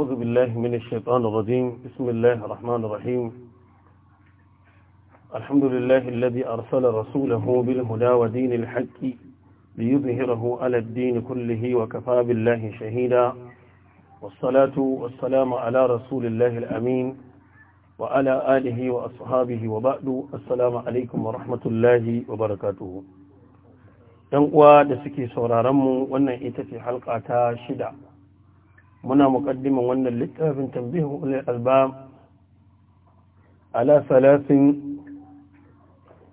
أعوذ بالله من الشيطان الرجيم بسم الله الرحمن الرحيم الحمد لله الذي أرسل رسوله بالهدى ودين الحق ليظهره على الدين كله وكفى بالله شهيدا والصلاة والسلام على رسول الله الأمين وعلى آله وأصحابه وبعد السلام عليكم ورحمة الله وبركاته ‘yan uwa da suke sauraronmu wannan ita ce halka ta shida muna muƙaddiman wannan littafin tambihin ulil albab ala salasin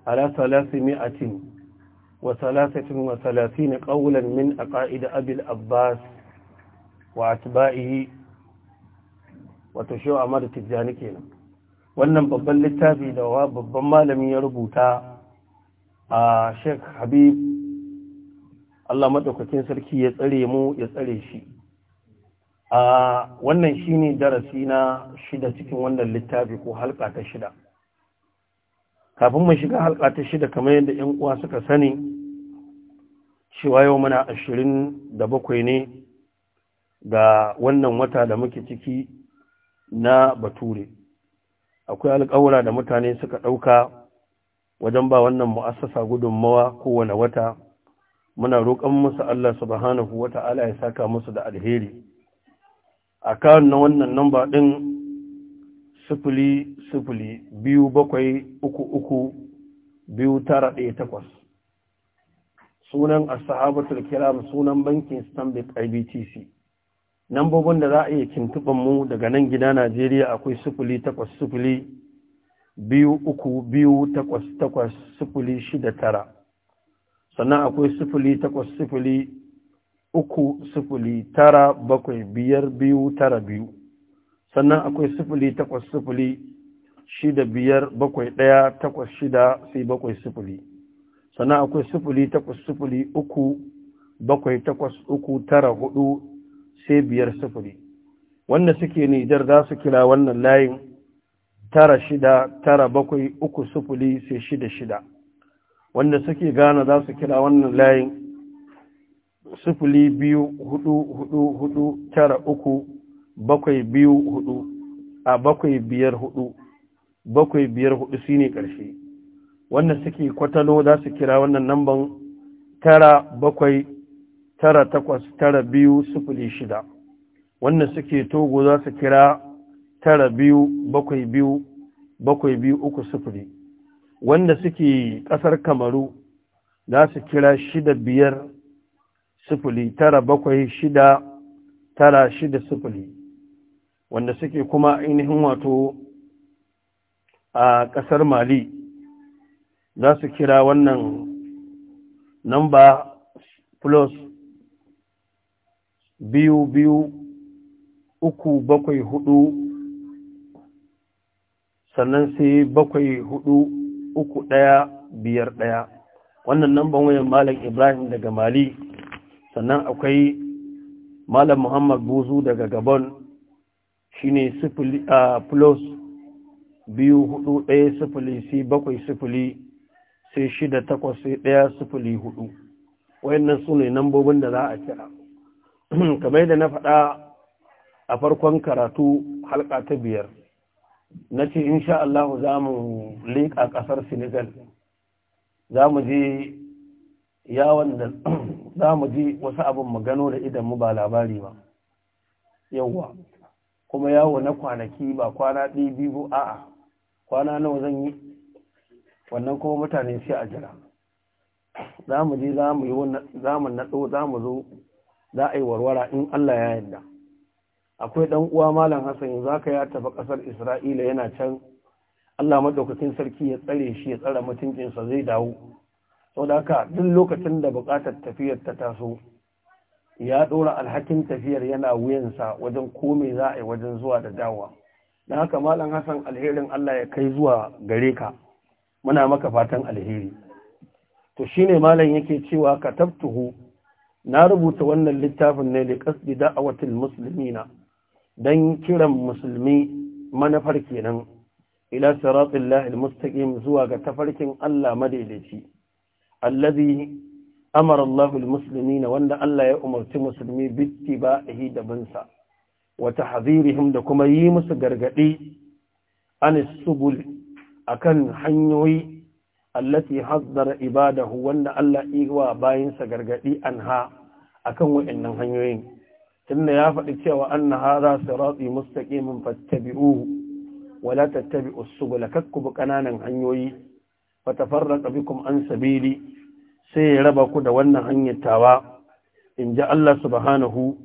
ala salasi mi'atin wa salasatin wa salasin qawlan min aqaid abi al-abbas wa atba'ihi wa tushu amad tijani kenan wannan babban littafi da wa babban malami ya rubuta a Sheikh Habib Allah madaukakin sarki ya tsare mu ya tsare shi a wannan shi ne darasi na shida cikin wannan littafi ko halka ta shida kafin mu shiga halka ta shida kamar yadda yan uwa suka sani cewa yau muna ashirin da bakwai ne ga wannan wata da muke ciki na bature akwai alƙawura da mutane suka ɗauka wajen ba wannan mu'assasa gudunmawa kowane wata muna roƙon musu Allah subhanahu ala ya saka musu da alheri akawun na wannan namba ɗin sufuli sufuli biyu bakwai uku uku biyu tara ɗaya takwas sunan asahabatul kiram sunan bankin stanbic ibtc nambobin da za a iya kintuban mu daga nan gida najeriya akwai sufuli takwas sufuli biyu uku biyu takwas takwas sufuli shida tara sannan akwai sufuli takwas sufuli uku sifili tara bakwai biyar biyu tara biyu sannan akwai sifili takwas sifili shida biyar bakwai ɗaya takwas shida sai bakwai sifili sannan akwai sifili takwas sifili uku bakwai takwas uku tara hudu sai biyar sifili wanda suke nijar za su kira wannan layin tara shida tara bakwai uku sifili sai shida shida wanda suke gana za su kira wannan layin sufuli biyu hudu hudu hudu tara uku bakwai biyu hudu a bakwai biyar hudu bakwai biyar hudu shi ne ƙarshe wanda suke kwatalo za su kira wannan namban tara bakwai tara takwas tara biyu sufuli shida wanda suke togo za su kira tara biyu bakwai biyu bakwai biyu uku sufuli wanda suke ƙasar kamaru za su kira shida biyar sifili tara bakwai shida tara shida sifili wanda suke kuma ainihin wato a ƙasar mali za su kira wannan namba plus biyu biyu uku bakwai hudu sannan sai bakwai hudu uku daya biyar daya wannan namban wayan malam ibrahim daga mali sannan akwai malam muhammad buzu daga gabon shi ne plus biyu hudu daya sifili sai bakwai sifili sai shida takwas sai ɗaya sifili hudu wayannan su ne nambobin da za a kira kamar da na faɗa a farkon karatu halka ta biyar na ce insha Allah za mu leƙa ƙasar senegal za mu je Ya wanda za mu ji wasu abin magano da idan mu ba labari ba yawwa kuma yawo na kwanaki ba kwana ɗaya biyu a'a kwana nawa zan yi wannan kuma mutane sai a jira za mu je za mu yi naɗo za mu zo za a yi warwara in Allah ya yadda. akwai ɗan uwa malam hassan yanzu haka ya tafi ƙasar isra'ila yana can Allah maɗaukakin sarki ya tsare shi ya tsara mutuncinsa zai dawo saboda duk lokacin da buƙatar tafiyar ta taso ya ɗora alhakin tafiyar yana wuyansa wajen komai za a yi wajen zuwa da dawa don haka malam hassan alherin allah ya kai zuwa gare ka muna maka fatan alheri to shine malam yake cewa ka tabtuhu na rubuta wannan littafin ne liƙasdi da'awatul muslimina don kiran musulmi manafar kenan ila siratul lahil mustaqim zuwa ga tafarkin allah madaidaici allazi amara Allahul musulmi na wanda Allah ya umarci musulmi bittiba'ihi da bansa yi dabinsa, wata da kuma yi musu gargaɗi an subul a kan hanyoyi allati hazzara ibadahu wanda Allah iwa bayansa gargaɗi gargadi anha a kan wa'annan hanyoyin. Tunda ya faɗi cewa an su hara siratsi mustaƙimin fattabi'uhu, wala tattabi'u subula kakkubu ƙananan hanyoyi fa tafarraqa bikum an sabili sai ya raba ku da wannan hanyar tawa in ji Allah subhanahu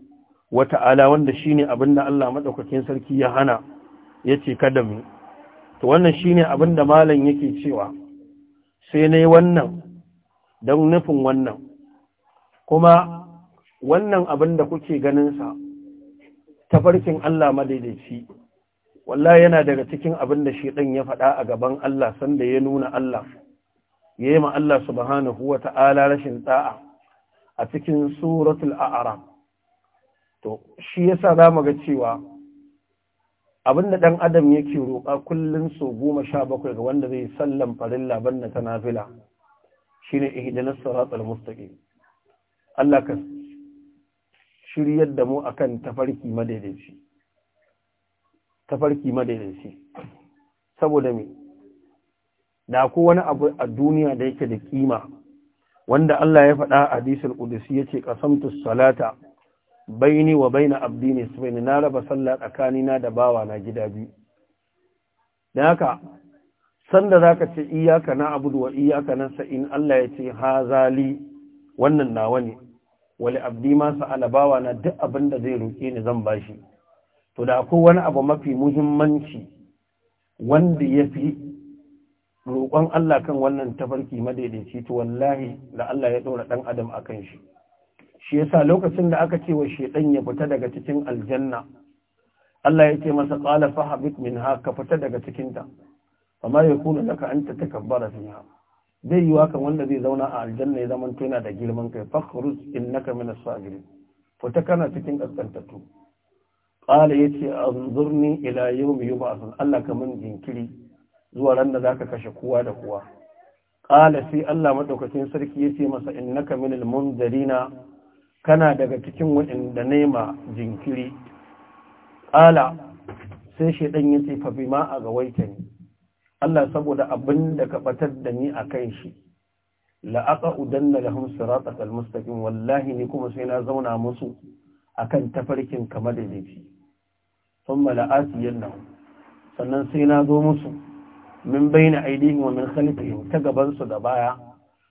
wa ta'ala wanda shine abinda Allah madaukakin sarki ya hana yace kada mu to wannan shine abinda malam yake cewa sai nayi wannan don nufin wannan kuma wannan abinda kuke ganin sa tafarkin Allah madaidaici wallahi yana daga cikin abin da shi ɗan ya faɗa a gaban Allah sanda ya nuna Allah yayi ma Allah subhanahu ta'ala rashin ta'a a cikin suratul a’ara to shi ya sa za mu ga cewa abin da ɗan adam yake roƙa kullum so bakwai ga wanda zai sallan labar tanafila ta ne shine ihdinas siratal mustaqim Allah ka shiryar da mu akan tafarki madaidaici tafarki madaidaici saboda me da ko wani abu a duniya da yake da kima wanda Allah ya faɗa a hadisul qudsi yace qasamtu salata baini wa baina abdi nisbaini na raba sallah tsakanina da bawa na gida biyu dan haka sanda zaka ce iyyaka na'budu wa iyyaka nasta'in Allah yace hazali wannan nawa ne wali abdi ma sa'ala bawa na duk abin da zai roke ni zan bashi to da akwai wani abu mafi muhimmanci wanda ya fi roƙon Allah kan wannan tafarki madaidaici to wallahi da Allah ya ɗora ɗan adam a kan shi shi yasa lokacin da aka ce wa shaidan ya fita daga cikin aljanna Allah ya ce masa qala fahabit minha ka fita daga cikin ta amma ya kuna laka an ta takabbara fiha zai yi kan wanda zai zauna a aljanna ya zama yana da girman kai fakhruj innaka min as-sagirin fita kana cikin kaskantattu ƙala ya ce anzurni ila yau mai ba a Allah kamar jinkiri zuwa ran da za ka kashe kowa da kowa ƙala sai Allah maɗaukacin sarki ya ce masa in naka ilmun munzarina kana daga cikin waɗanda ma jinkiri ƙala sai shaidan ya ce fabi ma a gawaita ne Allah saboda abin da ka batar da ni a kan shi la'aƙa udan da lahun ratsa wallahi ni kuma sai na zauna musu akan tafarkin kama da zafi sun mala'asiyar nan sannan sai na zo musu min bayna aidihim wa min khalfihim ta gabansu da baya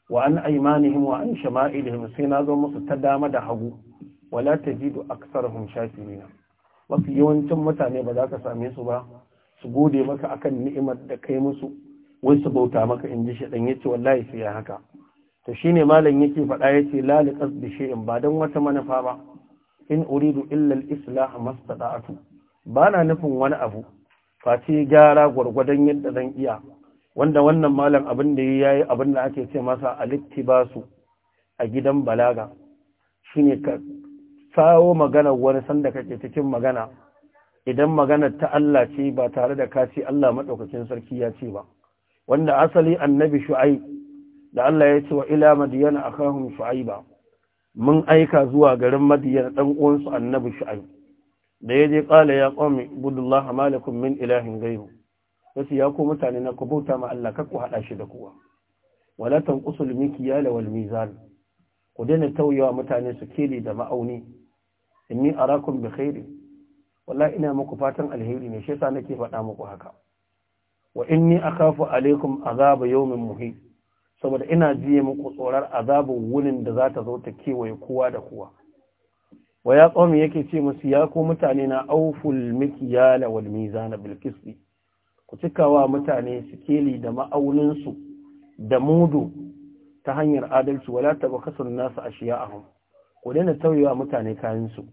wa an aimanihim wa an shama'ilihim sai na zo musu ta dama da hagu wala tajidu aksarahum shakirina mafi yawancin mutane ba za ka same su ba su gode maka akan ni'imar da kai musu wai su bauta maka in ji shaɗan ya ce wallahi sai ya haka to shine malam yake faɗa ya ce lalikas da shay'in ba dan wata manufa ba in uridu illa al-islah mastata'tu bana nufin wani abu face gyara gwargwadon yadda zan iya wanda wannan malam abin da yayi abin da ake ce masa al-ittibasu a gidan balaga shine ka sawo magana wani sanda kake cikin magana idan maganar ta Allah ce ba tare da ka Allah madaukakin sarki ya ce ba wanda asali annabi shu'aib da Allah ya ce wa ila madiyana akahum shu'aiba mun aika zuwa garin madiyar ɗan uwansu annabi shu'aib da je qala ya qaumi budullah malakum min ilahin gairu yace ya mutane na ku bauta ma Allah kakku hada shi da kowa wala tanqusul mikyal wal mizan ku daina tauyawa mutane su keli da ma'auni inni arakum bi khairi wallahi ina muku fatan alheri ne shi yasa nake faɗa muku haka wa inni akhafu alaikum azaba yawmin muhi. saboda ina jiye muku tsorar azabin wunin da za ta zo ta kewaye kowa da kowa wa ya tsomi yake ce musu ya ko mutane na auful mikiyala wal mizana bil qisti ku cikawa mutane sikeli da ma'auninsu da mudu ta hanyar adalci wala tabakasun nasu ashiya'ahum ku daina tauyewa mutane kayansu.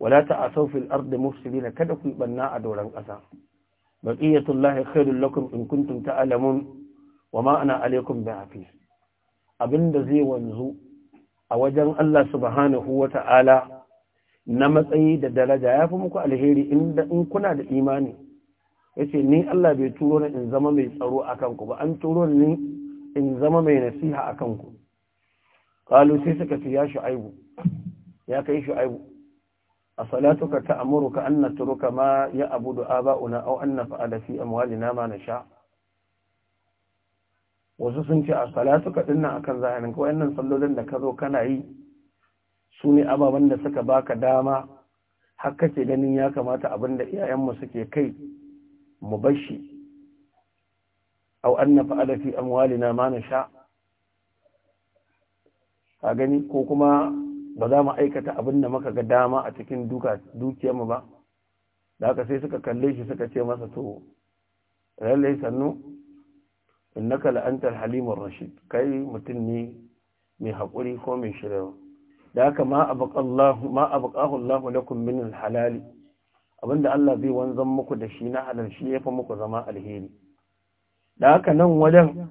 Walata wala ta'asaw fil ardi mufsidina kada ku banna a doran kasa baqiyatullahi khairul lakum in kuntum ta'lamun wa ma ana alaikum bi hafiz abinda zai wanzu a wajen Allah subhanahu wata'ala na matsayi da daraja ya fi muku alheri inda in kuna da imani yace ni Allah bai turo ni in zama mai tsaro akan ku ba an turo ni in zama mai nasiha akan ku qalu sai suka ce ya shu'aibu ya kai shu'aibu a salatuka ta'muruka an natruka ma ya abudu aba'una aw an naf'ala fi amwalina ma sha. wasu sun ce a salatu ka dinna akan zahirin ka wayannan sallolin da ka zo kana yi su ne ababen da suka baka dama har kake ganin ya kamata abin da iyayenmu suke kai mu bashi au an na fa'ala fi amwalina ma na sha a gani ko kuma ba za mu aikata abin da muka ga dama a cikin dukiyarmu ba da haka sai suka kalle shi suka ce masa to lallai sannu innaka la'antar halimun rashid kai mutum ne mai haƙuri ko mai shiryawa da haka ma abuƙahu Allah lakum min halali abinda Allah zai wanzan muku da shi na halarci shi ya fi muku zama alheri da haka nan wajen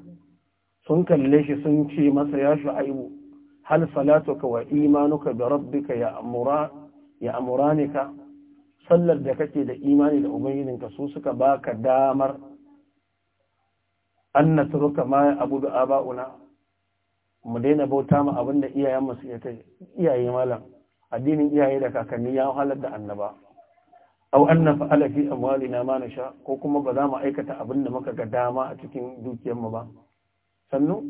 sun kalle shi sun ce masa ya shu'aibu hal salatuka wa imanuka bi rabbika ya amura ya amuranika sallar da kake da imani da ubangijinka su suka baka damar an na turuka ma abu aba'una mu daina bauta ma abinda iyayen masu iyaye malam addinin iyaye da kakanni ya halar da annaba au an na fa'ala fi amwalina ma nasha ko kuma ba za mu aikata abinda da muka ga dama a cikin dukiyar mu ba sannu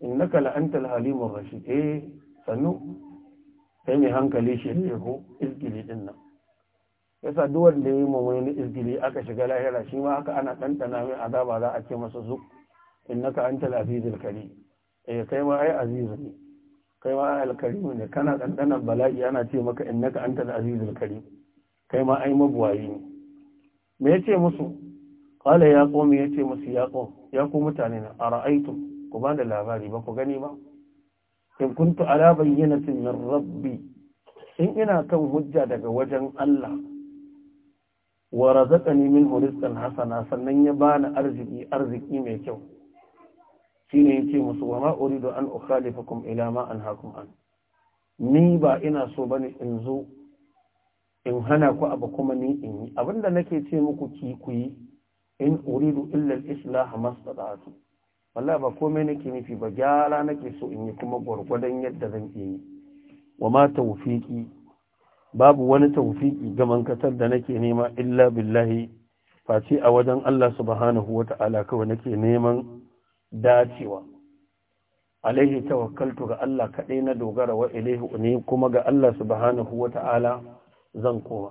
innaka la antal halimur rashid eh sannu kai mai hankali shi ne ko izgili din nan yasa duk wanda yayi mamuni izgili aka shiga lahira shi ma haka ana ɗanɗana mai azaba za a ce masa zu innaka antal azizul karim eh kai ma ai azizu ne kai ma alkarim ne kana ɗanɗanan bala'i ana ce maka innaka antal azizul karim kai ma ai mabuwayi ne me yace musu qala ya qawmi yace musu ya qawm ya ku mutane na ara'aytum ku ba da labari ba ku gani ba in kuntu ala bayyinatin min rabbi in ina kan hujja daga wajen Allah wa razaqani min rizqan hasana sannan ya bani arziki arziki mai kyau shine yace musu wa ma uridu an ukhalifakum ila ma anhaakum an ni ba ina so bane in zo in hana ku abu kuma ni in yi abinda nake ce muku ki ku yi in uridu illa al-islah mastata'tu wallahi ba komai nake nufi ba gyara nake so in yi kuma gwargwadon yadda zan yi wa ma tawfiqi babu wani tawfiki ga mankatar da nake nema illa billahi face a wajen Allah subhanahu wata'ala kawai nake neman dacewa alaihi tawakkaltu ga Allah kaɗai na dogara wa ilaihi ne kuma ga Allah subhanahu wata'ala zan koma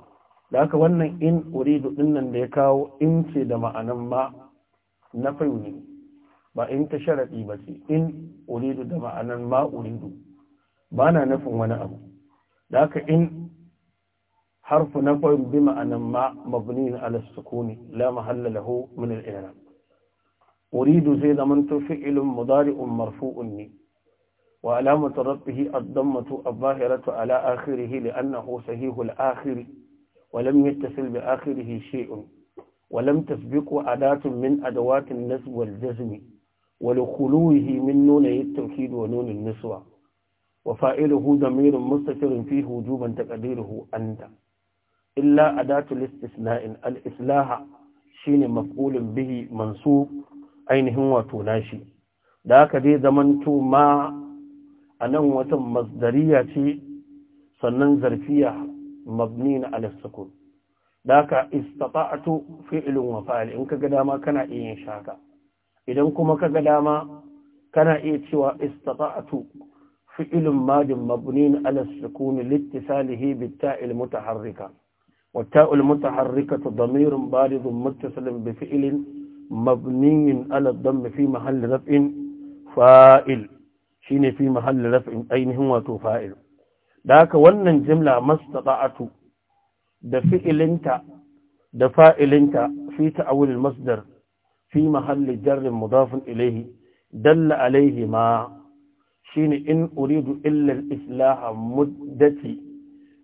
da haka wannan in uridu dinnan da ya kawo in ce da ma'anan ma na ne ba in ta sharaɗi ba ce in uridu da ma'anan ma uridu ba na nufin wani abu da haka in حرف بما أن ما مبني على السكون لا محل له من الإعراب أريد زيد من تفعل مضارع مرفوع وعلامة ربه الضمة الظاهرة على آخره لأنه صحيح الآخر ولم يتصل بآخره شيء ولم تسبق أداة من أدوات النسب والجزم ولخلوه من نون التوكيد ونون النسوة وفائله ضمير مستتر فيه وجوبا تقديره أنت illa adatul istisna'in al-islaha shine mafulin bihi mansub ainihin wato nashi da haka dai zamanto ma a nan wata masdariya ce sannan zarfiya mabni na da haka istata'atu fi'lun wa fa'il in kaga dama kana iya yin shaka idan kuma kaga dama kana iya cewa istata'atu fi'lun madin mabnin na al-sukun liittisalihi bit-ta'il mutaharrika والتاء المتحركة ضمير بارد متصل بفعل مبني على الضم في محل رفع فائل شين في محل رفع أين هو فائل ذاك ونن جملة ما استطعت ده انت ده انت في تأول المصدر في محل جر مضاف إليه دل عليه ما شين إن أريد إلا الإصلاح مدتي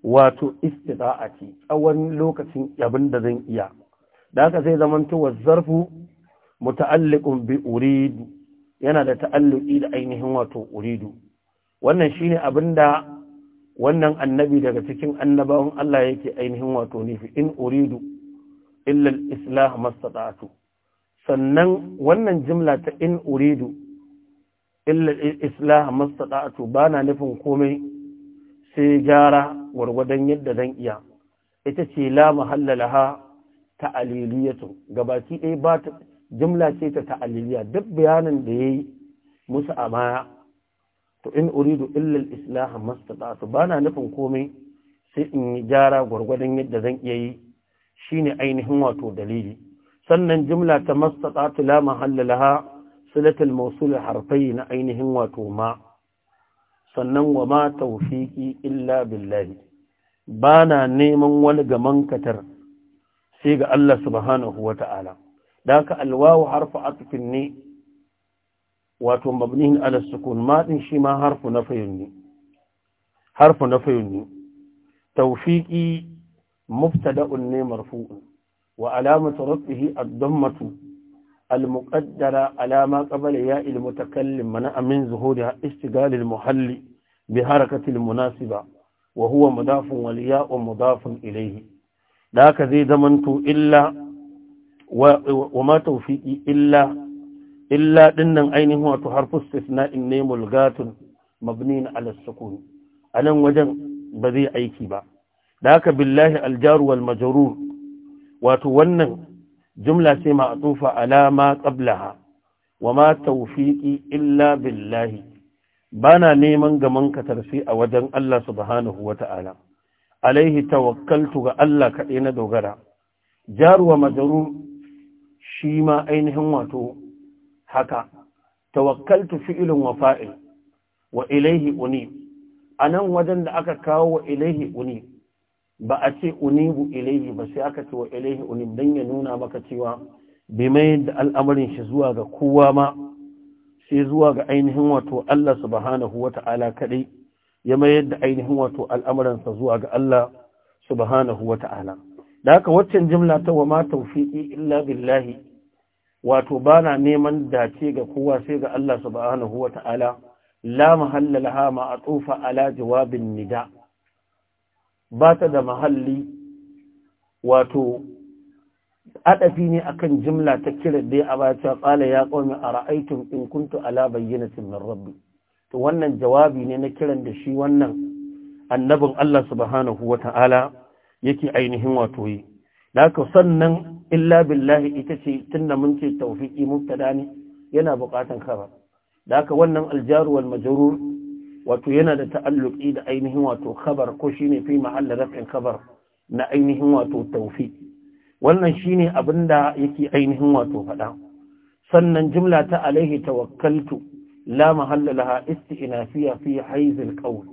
wato istida'ati tsawon lokacin abin da zan iya da haka sai zamanto wa zarfu muta'alliqun bi uridu yana da ta'alluqi da ainihin wato uridu wannan shine abinda wannan annabi daga cikin annabawan Allah yake ainihin wato nufi in uridu illa al-islah mastata'tu sannan wannan jimla ta in uridu illa al-islah mastata'tu bana nufin komai sai gyara gwargwadon yadda zan iya ita ce la aliliyatu ga gabaki ɗaya ba ta jimla ce ta aliliya duk bayanin da ya yi musu a baya to in uridu islaha al-islah ba na nufin komai sai in yi gyara gwargwadon yadda zan iya yi shine ainihin wato dalili sannan jimla ta ta la mahallalaha silatul mawsul harfai na ainihin wato ma sannan wa ma tawfiqi illa billahi bana neman wani gaman katar sai ga Allah subhanahu wata'ala daka alwawu harfu atfin ne wato mabnihin ala maɗin shi ma harfu na ne harfu nafiyun ne ne marfu'un wa alamatu rafihi ad-dammatu المقدرة على ما قبل ياء المتكلم منع من ظهورها استقال المحل بحركة المناسبة وهو مضاف والياء مضاف إليه ذاك ذي دمنت إلا وما توفيقي إلا إلا دنن عينه وتحرف استثناء النيم الغات مبنين على السكون أنا وجن بذي أيكي با ذاك بالله الجار والمجرور وتونن jumla ce ma'atufa tsufa alama qablaha wa ma tawfiqi illa billahi bana neman gaman katarfi a wajen Allah subhanahu wata'ala alaihi tawakkaltu ga Allah kaɗai na dogara jaru wa majaru shi ma ainihin wato haka tawakkaltu fi'ilun wa fa'il wa ilaihi uni anan wajen da aka kawo wa ilaihi uni ba a ce unibu ilaihi ba sai aka ce wa ilaihi unib dan ya nuna maka cewa bai mai da al'amarin shi zuwa ga kowa ma sai zuwa ga ainihin wato Allah subhanahu ta'ala kadai ya mayar da ainihin wato al'amuransa zuwa ga Allah subhanahu ta'ala da haka waccan jimla ta wa ma tawfiqi illa billahi wato bana neman dace ga kowa sai ga Allah subhanahu ta'ala la mahalla laha ma atufa ala jawabin nida ba ta da mahalli wato adafi ne akan jimla ta kiran dai a baya qala ya a ra'aitun in kuntu ala bayyinatin min rabbi to wannan jawabi ne na kiran da shi wannan annabin Allah subhanahu wata'ala yake ainihin wato yi haka sannan illa billahi ita ce tunda mun ce tawfiqi mubtada ne yana buƙatan kara. da haka wannan aljaru wal majrur wato yana da ta'alluki da ainihin wato khabar ko ne fi mahall raf'in khabar na ainihin wato Taufi wannan shine da yake ainihin wato faɗa. sannan jimlata ta alaihi tawakkaltu la mahalla laha isti'nafiya fi hayz qawl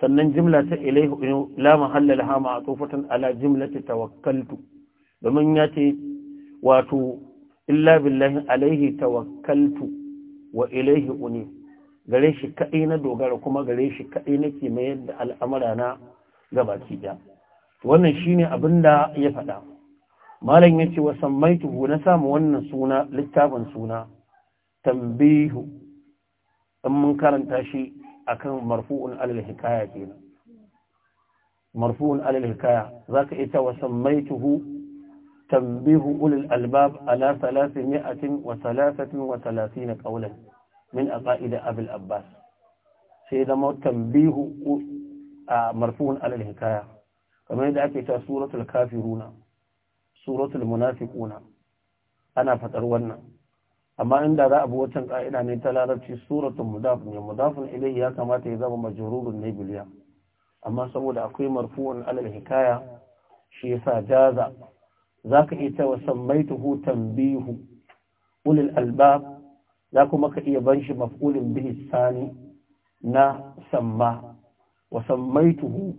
sannan jumla ta ilaihi la mahalla laha ma'tufatan ala jumlati tawakkaltu domin yace wato illa billahi alaihi tawakkaltu wa ilaihi unib gare shi kaɗai na dogara kuma gare shi kaɗai nake mayar da al'amura na gabaki ɗaya wannan shine abin da ya faɗa malam ya ce wa sammaituhu na samu wannan suna littafin suna tambihu in mun karanta shi akan marfu'un alal hikaya kenan marfu'un alal hikaya zaka ita wa sammaituhu tambihu ulul albab ala 333 qawlan min aqaid abul abbas sai zama tambihu a marfu'un alal hikaya kamar yadda ake ta suratul kafiruna suratul munafiquna ana faɗar wannan amma inda za a bi wancan ka'ida ne ta larabci suratul mudaf ne mudafun ilayhi ya kamata ya zama majrurun ne biliya amma saboda akwai marfu'un alal hikaya shi yasa jaza zaka ita wa sammaituhu tanbihu ulil albab za kuma ka iya ban shi maf'ulin bihi sani na samma wa sammaituhu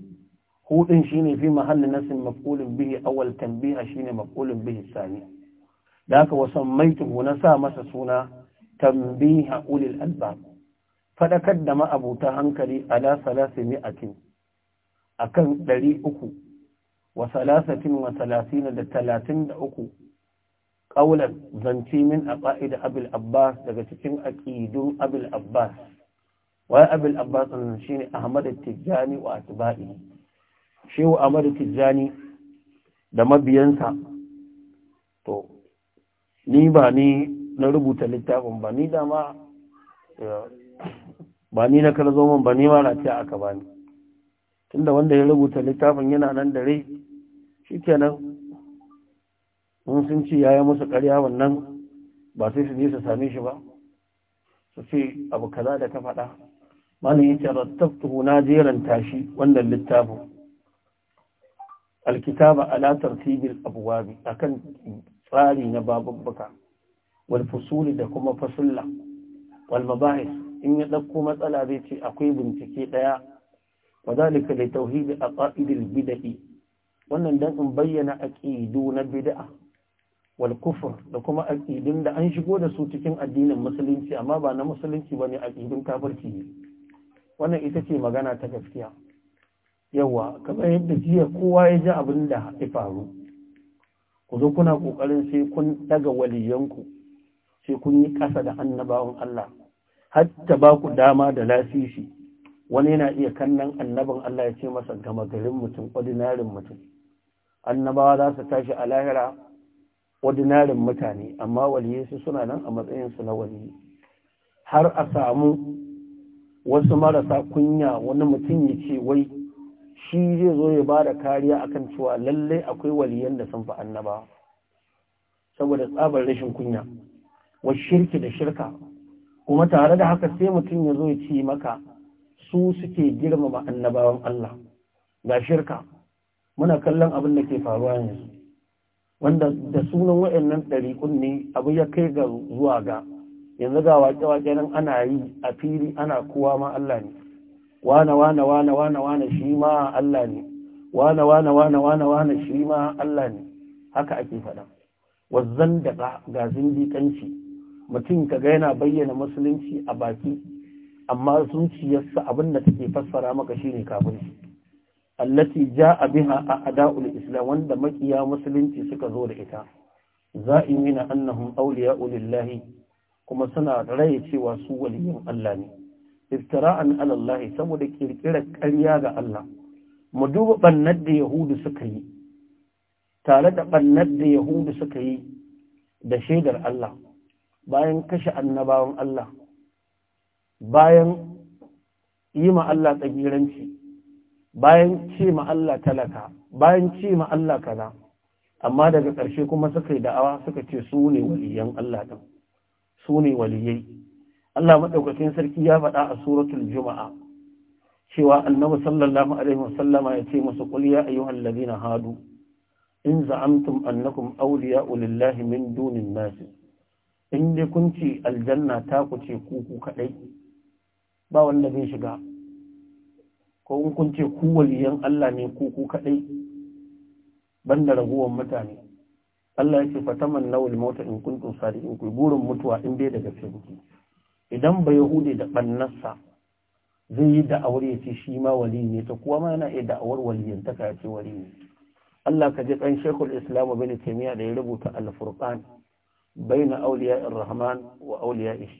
hu din shine fi mahallin nasin maf'ulin bihi awwal tanbiha shine maf'ulin bihi sani da haka wa sammaituhu na sa masa suna tanbiha ulil albab fadakar da ma'abuta hankali ala salasimi'atin akan 300 wa salasatin wa salasina da 33 Ƙaulan zance min a ƙa'ida abil abbas daga cikin aƙidun abil abbas wai abil abbas nan shi ne Ahmadu tijjani wa atba'i shehu Ahmadu tijjani da mabiyansa to ni ba ni na rubuta littafin ba ni dama ba ni na karzo man ba ni ma na aka bani tunda wanda ya rubuta littafin yana nan da rai shikenan in sun ce ya yi musu karya wannan ba sai su je su same shi ba su ce abu kaza da ka faɗa malin yake rattabtuhu na jeran tashi wannan littafin alkitaba ala tartibil abwab akan tsari na babubbuka wal fusul da kuma fasulla wal mabahis in ya dauko matsala zai ce akwai bincike daya wadalika tauhidi a aqaidil bid'ah wannan dan in bayyana aqidu na bid'ah wal kufur da kuma aƙidin da an shigo da su cikin addinin musulunci amma ba na musulunci ba ne aƙidin kafirci ne wannan ita ce magana ta gaskiya yawa kamar yadda jiya kowa ya ji abin da ya faru ku zo kuna ƙoƙarin sai kun daga waliyanku sai kun yi ƙasa da annabawan Allah hatta ba ku dama da lasisi wani yana iya kannan annabin Allah ya ce masa gama garin mutum ordinary mutum annabawa za su tashi a lahira ordinarin mutane amma waliye su suna nan a matsayinsu na waliye har a samu wasu marasa kunya wani mutum ya ce wai shi zai zo ya ba da kariya akan cewa lallai akwai waliyan da sun fi annaba saboda tsabar rashin kunya wa shirki da shirka kuma tare da haka sai mutum ya zo ya ce maka su suke girmama annabawan Allah ga shirka muna kallon abin da ke faruwa yanzu wanda da sunan waɗannan ɗariƙun ne abu ya kai ga zuwa ga yanzu ga waƙe-waƙe nan ana yi a fili ana kowa ma Allah ne wane wane wane wane wane shi ma Allah ne wane wane wane wane wane shi ma Allah ne haka ake faɗa wazzan da ga zindiƙanci mutum ka ga yana bayyana musulunci a baki amma sun zuciyarsa abin da take fassara maka shi kafin shi. allati a biha a ada'ul islam wanda makiya musulunci suka zo da ita za'imina annahum awliya'u lillahi kuma suna raye cewa su waliyin Allah ne iftira'an ala Allah saboda ƙirƙirar ƙarya ga Allah mu duba bannar da yahudu suka yi tare da ɓarnar da yahudu suka yi da shaidar Allah bayan kashe annabawan Allah bayan yi ma Allah tsagiranci bayan ce ma Allah talaka bayan ce ma Allah kaza amma daga ƙarshe kuma suka yi da'awa suka ce su ne waliyan Allah din su ne waliyai Allah maɗaukakin sarki ya faɗa a suratul juma'a cewa annabi sallallahu alaihi wasallama ya ce musu qul ya ayyuhal ladina hadu in za'amtum annakum awliya'u lillahi min dunin nas in dai kunci aljanna ta ku ce ku ku kadai ba wanda zai shiga ko in kun ce ku waliyan Allah ne ku ku kadai banda raguwar mutane Allah ya ce fataman nawal mota in kuntum sadiqin ku burin mutuwa in bai daga cikin idan ba hude da bannarsa zai yi da'awar ya ce shi ma wali ne ta kuwa ma yana iya da'awar waliyan ta ka ce wali ne Allah ka ji kan Sheikhul Islam Ibn Taymiyyah da ya rubuta Al-Furqan baina awliya'ir rahman wa awliya'ish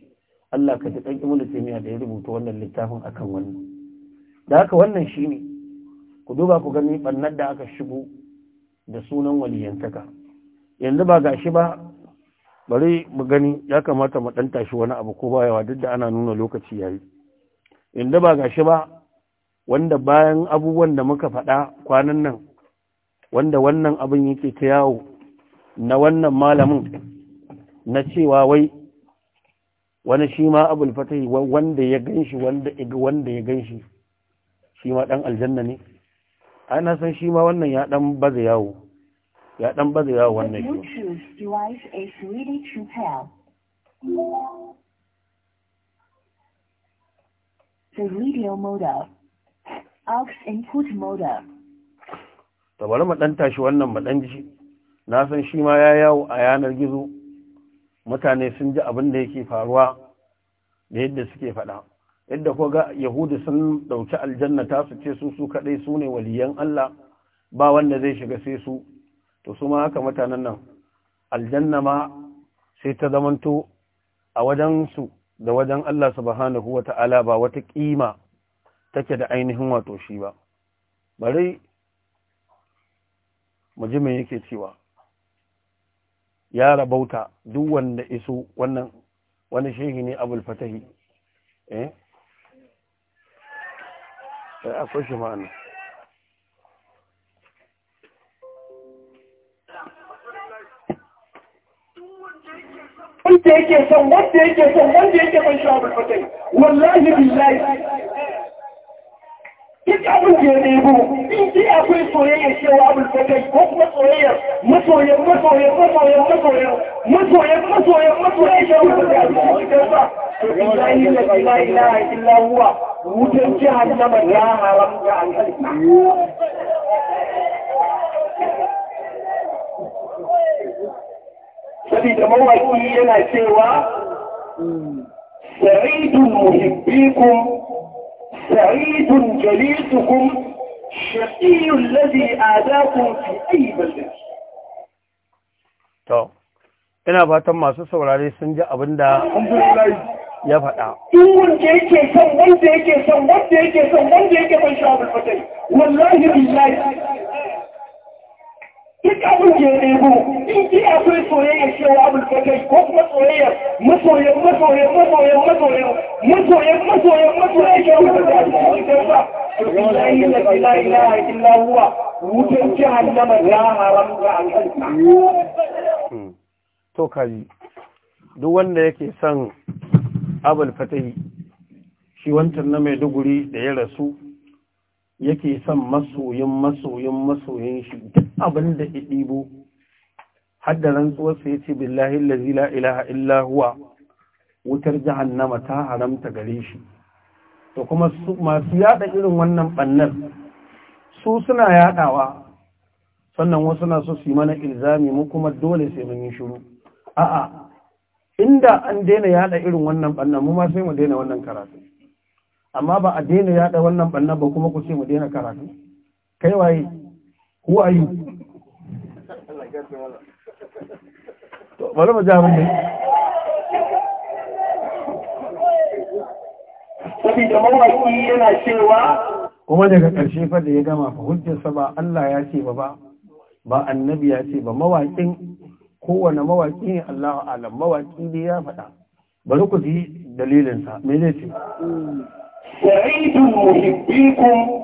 Allah ka ji kan Ibn Taymiyyah da ya rubuta wannan littafin akan wannan da haka wannan shi ne ku duba ku gani ɓannar da aka shigo da sunan waliyantaka yanzu ba gashi ba bari mu gani ya kamata mu ɗan tashi wani abu ko bayawa duk da ana nuna lokaci yayi yanzu ba gashi ba wanda bayan abubuwan da muka faɗa kwanan nan wanda wannan abin yake ta yawo na wannan malamin na cewa wai wani shi ma abul fatahi wanda ya ganshi wanda ya ganshi shi ma ɗan aljanna ne ana san shi ma wannan ya ɗan baza yawo ya ɗan baza yawo wannan shi ta bari maɗanta shi tashi wannan maɗan ji na san shi ma ya yawo a yanar gizo mutane sun ji abin da yake faruwa da yadda suke faɗa yadda ko ga yahudu sun ɗauki aljanna ta su ce su su kaɗai su ne waliyan Allah ba wanda zai shiga sai su to su ma haka mutanen nan aljanna ma sai ta zamanto a wajen da wajen Allah subhanahu wata'ala ba wata ƙima take da ainihin wato shi ba bari mu ji me yake cewa ya rabauta duk wanda iso wannan wani shehi ne abul fatahi eh Eh, akwai shi ma'ana wanda yake son wanda yake son wanda yake son shi abu fatai wallahi billahi duk abin da ya ɗebo in ji akwai soyayya cewa abu fatai ko kuma soyayya masoyar masoyar masoyar masoyar masoyar masoyar masoyar shi abu fatai a cikin ba to billahi la ilaha illa huwa wutan jihannama ya haramta al'arki sabida mawaki yana cewa sa'idun muhibbikum sa'idun jalilukum shaqiyul ladhi adakum fi ayi to ina fatan masu saurare sun ji abin da. ya faɗa duk wanda yake son wanda yake son wanda yake son wanda yake son shi abul fatai wallahi billahi duk abin da ya ɗebo in ji akwai soyayyar shewa abul fatai ko kuma soyayyar masoyan masoyan masoyan masoyan masoyan masoyan masoyan shewa abul fatai ba wallahi la ilaha illa huwa wutan jahannama ya haramta a kansa hmm. to kaji duk wanda yake son abul fatahi shi wancan na maiduguri da ya rasu yake son masoyin masoyin masoyin shi duk abin da ya ɗibo hadda rantsuwarsa ya ce billahi lazi la ilaha illa huwa wutar jahannama ta haramta gare shi to kuma masu yada irin wannan bannar su suna yadawa sannan wasu na so su yi mana ilzami mu kuma dole sai mun yi shiru a'a inda an daina yada irin wannan banna mu ma sai mu daina wannan karatu amma ba a daina yada wannan banna ba kuma ku ce mu daina karatu kai waye who are you to bari mu ja mun dai sabida mawaki yana cewa kuma daga ƙarshe fa da ya gama fa hujjarsa ba Allah ya ce ba ba ba annabi ya ce ba mawakin kowane mawaki ne Allah alam mawaki ne ya faɗa bari ku ji dalilinsa me zai ce sa'idun muhibbikum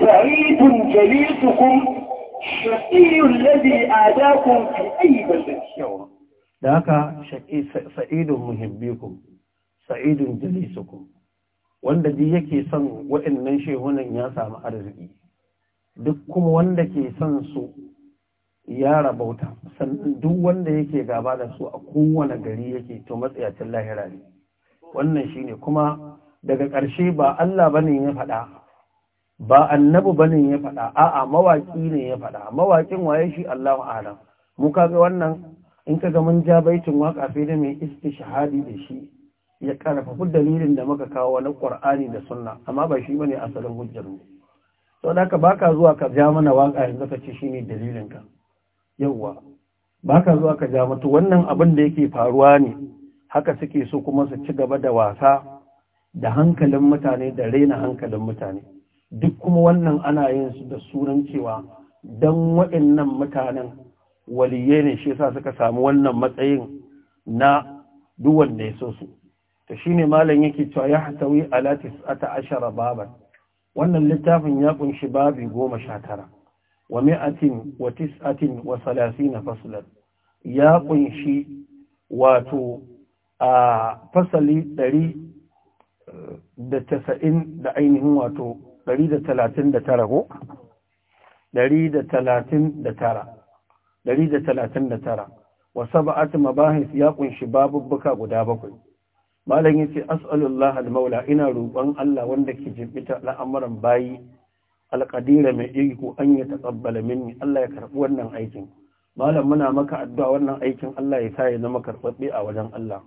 sa'idun jalilukum shaqiyul ladhi adakum fi ayyi balad yawa da haka sa'idun muhibbikum sa'idun jalisukum wanda ji yake son wa'annan shehunan ya samu arziki duk kuma wanda ke son su ya rabauta sannan duk wanda yake gaba da su a kowane gari yake to matsayacin lahira ne wannan shi ne. kuma daga ƙarshe ba Allah bane ya faɗa ba annabi bane ya faɗa a'a mawaki ne ya faɗa mawakin waye shi Allahu a'lam mu kaga wannan in ga mun ja baitin waka sai da mai istishhadi da shi ya karfafa dalilin da muka kawo na Ƙur'ani da Sunna amma ba shi bane asalin hujjar mu to da ka baka zuwa ka ja mana waka yanzu ka ce shine dalilin ka yawwa ba ka zuwa ka ja mutu wannan abin da yake faruwa ne haka suke so kuma su ci gaba da wasa da hankalin mutane da raina hankalin mutane duk kuma wannan ana yin su da sunan cewa dan waɗannan mutanen waliyyai ne shi yasa suka samu wannan matsayin na duk wanda ya so su to shine malam yake cewa ya hatawi ala 19 baban wannan littafin ya kunshi babi tara. wa mi'atin wa tis'atin wa salasina faslan ya kunshi wato a fasali ɗari da tasa'in da ainihin wato ɗari da talatin da tara ko? ɗari da talatin da tara ɗari da talatin ya kunshi babubbuka guda bakwai malayin sai as'alullah al-maula ina roƙon allah wanda ke jibita al'amuran bayi alƙadira mai iko an ya taƙabbala minni Allah ya karɓi wannan aikin malam muna maka addu'a wannan aikin Allah ya sa ya zama karɓaɓɓe a wajen Allah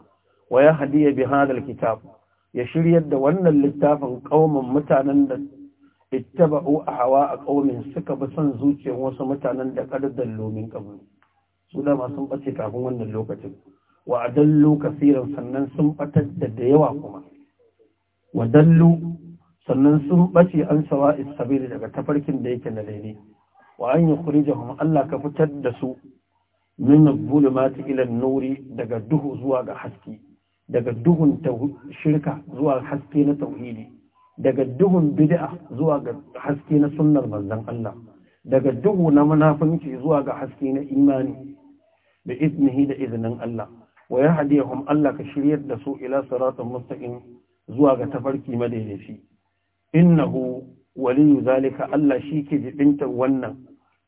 wa ya hadiya bi hadal kitab ya shiryar da wannan littafin kaumin mutanen da a hawa a ƙaumin suka bi son zuciyar wasu mutanen da da lomin kabul su da ma sun bace kafin wannan lokacin wa a dallo kasiran sannan sun batar da dayawa yawa kuma wa dallu sannan sun ɓace an sawa isabiri daga tafarkin da yake na daidai wa an yi kurijahum Allah ka fitar da su min zulumati ila nuri daga duhu zuwa ga haske daga duhun shirka zuwa haske na tauhidi daga duhun bid'a zuwa ga haske na sunnar manzon Allah daga duhu na munafunci zuwa ga haske na imani da iznihi da iznin Allah wa yahdihum Allah ka shiryar da su ila siratal mustaqim zuwa ga tafarki madaidaici innahu waliyu zalika Allah shi ke jibintar wannan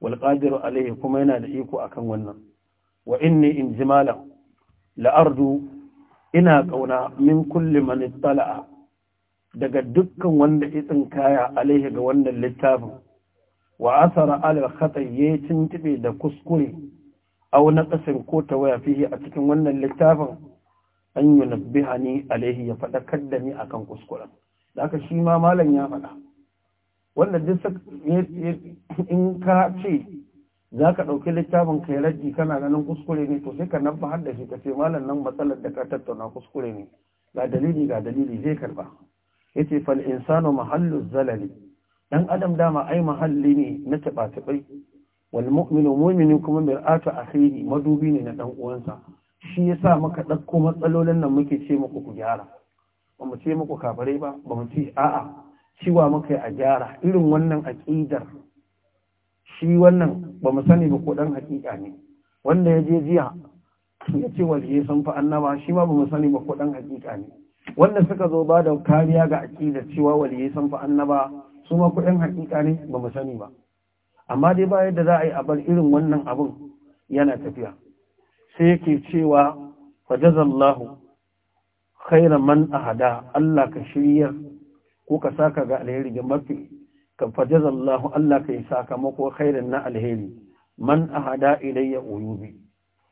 walƙadiru alaihi kuma yana da iko akan wannan wa inni in jimala La'ardu ina ƙauna min kulli man ittala'a daga dukkan wanda itsin kaya alaihi ga wannan littafin wa asara alal khatai ya tuntube da kuskure aw naqasin ko tawaya fihi a cikin wannan littafin an yunabbihani alaihi ya fadakar da ni akan kuskuren da aka shi ma malam ya faɗa wanda duk in ka ce za ka ɗauki littafin kai raji kana ganin kuskure ne to sai ka nan har da shi ka ce malam nan matsalar da ka tattauna kuskure ne ga dalili ga dalili zai karba yace fal insanu mahallu zalali dan adam dama ai mahalli ne na taɓa tabai wal mu'minu mu'minu kuma mir'atu a madubi ne na ɗan uwansa shi ya sa maka ɗauko matsalolin nan muke ce muku ku gyara ba mu ce muku kafare ba ba mu ce a'a ciwa muka yi a gyara irin wannan aƙidar shi wannan ba mu sani ba ko dan haƙiƙa ne wanda ya je jiya ya ce waliyai sun fi annaba shi ma ba mu sani ba ko dan haƙiƙa ne wanda suka zo ba da kariya ga aƙidar cewa waliyai sun fi annaba su ma kuɗin haƙiƙa ne ba mu sani ba amma dai ba yadda za a yi a bar irin wannan abun yana tafiya sai yake cewa fajazallahu Kaira man ahada Allah ka shirya ko ka saka ga alheri ga mafi ka fajazallahu Allah ka yi sakamako khairan na alheri man ahada ya uyubi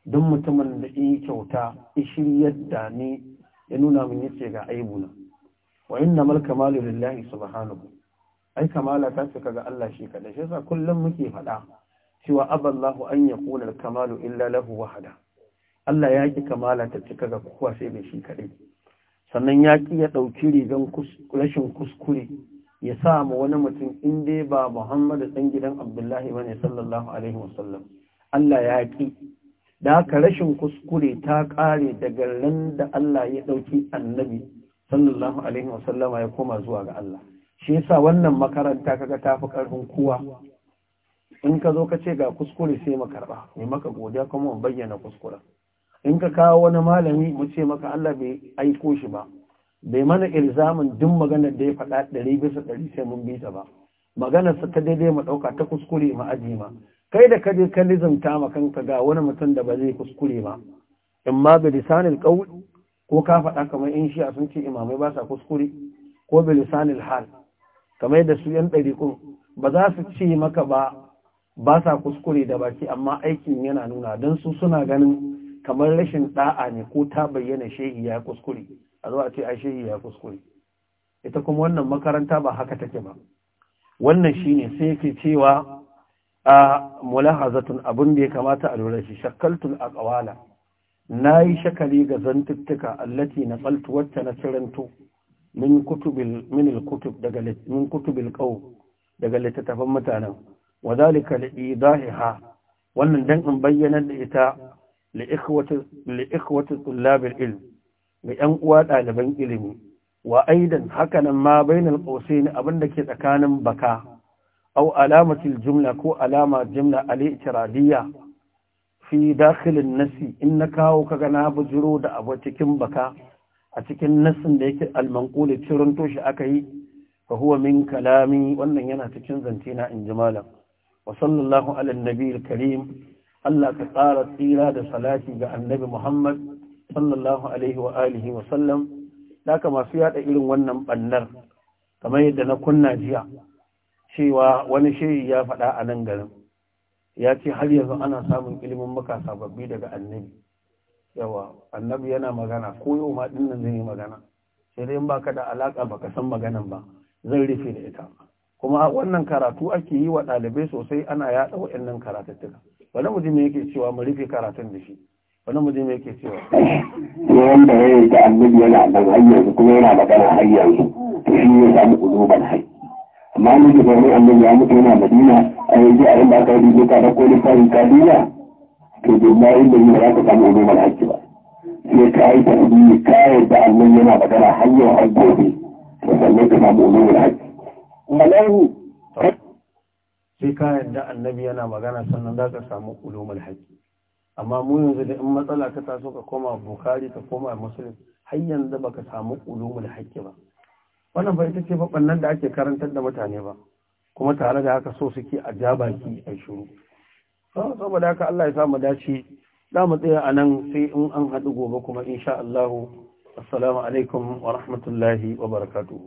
don mutumin da yi kyauta shiryar da ni ya nuna min yace ga aibuna wa inna mal kamalu lillahi subhanahu ai kamala ta cika ga Allah shi kadai shi yasa kullum muke faɗa cewa aballahu an ya al kamalu illa lahu wahda Allah ya ki kamala ta cika ga kowa sai da shi kadai sannan ya ki ya ɗauki rigar rashin kuskure ya sa ma wani mutum in dai ba Muhammadu ɗan gidan Abdullahi bane sallallahu alaihi wasallam Allah ya ki, da haka rashin kuskure ta ƙare daga ran da Allah ya ɗauki annabi sallallahu alaihi wasallam ya koma zuwa ga Allah shi yasa wannan makaranta kaga ta fi ƙarfin kowa in ka zo ka ce ga kuskure sai mu karɓa mai maka godiya kuma mu bayyana kuskuren in ka kawo wani malami mu ce maka Allah bai aiko shi ba bai mana ilzamin duk maganar da ya faɗa ɗari bisa ɗari sai mun bi ta ba maganar sa ta daidai mu ɗauka ta kuskure ma aji ma kai da kaje ka lizanta ma kanka ga wani mutum da ba zai kuskure ba in ma bi lisanil qawl ko ka faɗa kamar in a sun ce imamai ba sa kuskure ko bi lisanil hal kamar da su yan ɗari kun ba za su ce maka ba ba sa kuskure da baki amma aikin yana nuna don su suna ganin kamar rashin ɗa'a ne ko ta bayyana shehi ya kuskure a zo a ce ai shehi ya kuskure ita kuma wannan makaranta ba haka take ba wannan shine sai yake cewa a mulahazatun abin da ya kamata a lura shi shakkaltul aqwala nayi shakali ga zantuttuka allati na qaltu wacce na ciranto min kutubil min alkutub daga min kutubil qaw daga littattafan mutanen wadalika lidahiha wannan dan in bayyana da ita li'ikwati tsullabin ilm ga 'yan uwa ɗaliban ilimi wa aidan hakanan ma ƙosai ni abin da ke tsakanin baka au alamatil jumla ko alama jumla al'itiradiyya fi dakhilin nasi in na kawo kaga na bujiro da abu cikin baka a cikin nassin da yake almanquli cirin toshi aka yi fa huwa min kalami wannan yana cikin zance na in ji malam wa sallallahu ala nabiyil Allah ka tsara tsira da salati ga annabi Muhammad sallallahu alaihi wa alihi wa sallam daga masu yada irin wannan bannar kamar yadda na kunna jiya cewa wani shiri ya faɗa a nan garin ya ce har yanzu ana samun ilimin muka sababbi daga annabi yawa annabi yana magana ko yau ma dinnan zai yi magana sai dai in ka da alaƙa ba ka san maganan ba zan rufe da ita kuma wannan karatu ake yi wa ɗalibai sosai ana yaɗa waɗannan karatattuka wani mutum yake cewa mu rufe karatun da shi wani mutum yake cewa ne wanda ya yi ta annabi yana nan hanyar yanzu kuma yana magana har yanzu to shi ya samu kuzuban hai amma ni da wani annabi ya mutu yana madina a yanzu a yin da aka yi duka da koli fari ka duniya to billahi inda ne za ka samu kuzuban hakki ba sai ka yi ta annabi ka yana magana har hanyar har gobe to sannan ka samu kuzuban hakki sai ka yadda annabi yana magana sannan za ka samu ulumul haƙi amma mu yanzu da in matsala ka taso ka koma bukari ka koma muslim har yanzu baka samu ulumul haƙi ba wannan bai ita ce babannan da ake karantar da mutane ba kuma tare da haka so suke a ja baki a shiru saboda haka Allah ya sa mu dace za mu tsaya a nan sai in an haɗu gobe kuma insha Allah assalamu alaikum wa rahmatullahi wa barakatuhu